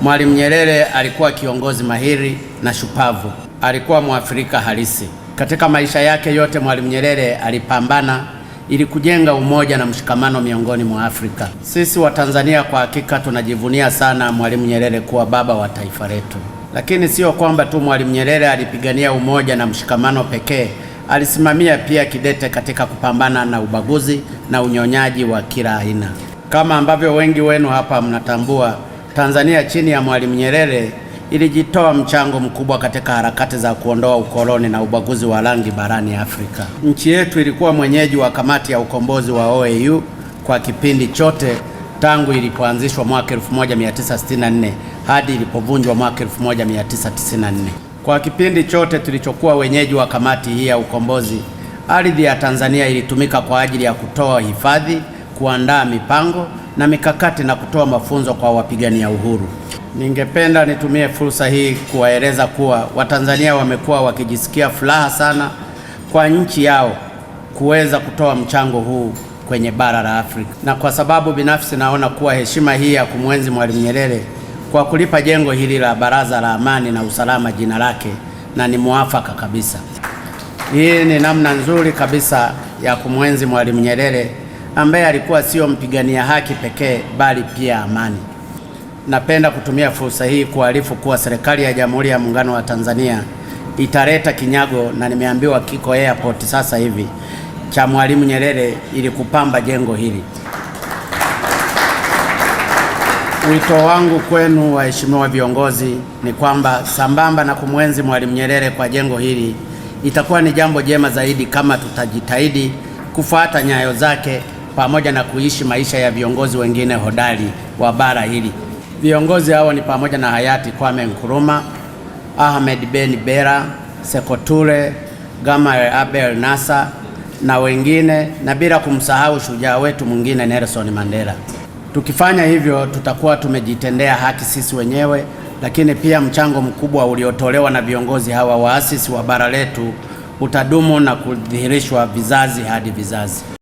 Mwalimu Nyerere alikuwa kiongozi mahiri na shupavu, alikuwa Mwafrika halisi. Katika maisha yake yote, Mwalimu Nyerere alipambana ili kujenga umoja na mshikamano miongoni mwa Afrika. Sisi Watanzania kwa hakika tunajivunia sana Mwalimu Nyerere kuwa baba wa taifa letu. Lakini sio kwamba tu Mwalimu Nyerere alipigania umoja na mshikamano pekee, alisimamia pia kidete katika kupambana na ubaguzi na unyonyaji wa kila aina. Kama ambavyo wengi wenu hapa mnatambua Tanzania chini ya Mwalimu Nyerere ilijitoa mchango mkubwa katika harakati za kuondoa ukoloni na ubaguzi wa rangi barani Afrika. Nchi yetu ilikuwa mwenyeji wa kamati ya ukombozi wa OAU kwa kipindi chote tangu ilipoanzishwa mwaka 1964 hadi ilipovunjwa mwaka 1994. Kwa kipindi chote tulichokuwa wenyeji wa kamati hii ya ukombozi, ardhi ya Tanzania ilitumika kwa ajili ya kutoa hifadhi, kuandaa mipango na mikakati na kutoa mafunzo kwa wapigania uhuru. Ningependa nitumie fursa hii kuwaeleza kuwa Watanzania wamekuwa wakijisikia furaha sana kwa nchi yao kuweza kutoa mchango huu kwenye bara la Afrika, na kwa sababu binafsi naona kuwa heshima hii ya kumwenzi Mwalimu Nyerere kwa kulipa jengo hili la Baraza la Amani na Usalama jina lake na ni muafaka kabisa. Hii ni namna nzuri kabisa ya kumwenzi Mwalimu Nyerere ambaye alikuwa sio mpigania haki pekee bali pia amani. Napenda kutumia fursa hii kuarifu kuwa serikali ya Jamhuri ya Muungano wa Tanzania italeta kinyago na nimeambiwa kiko airport sasa hivi cha Mwalimu Nyerere ili kupamba jengo hili. Wito wangu kwenu waheshimiwa viongozi ni kwamba sambamba na kumwenzi Mwalimu Nyerere kwa jengo hili, itakuwa ni jambo jema zaidi kama tutajitahidi kufuata nyayo zake pamoja na kuishi maisha ya viongozi wengine hodari wa bara hili. Viongozi hao ni pamoja na hayati Kwame Nkrumah, Ahmed Ben Bella, Sekou Toure, Gamal Abdel Nasser na wengine, na bila kumsahau shujaa wetu mwingine Nelson Mandela. Tukifanya hivyo, tutakuwa tumejitendea haki sisi wenyewe, lakini pia mchango mkubwa uliotolewa na viongozi hawa waasisi wa bara letu utadumu na kudhihirishwa vizazi hadi vizazi.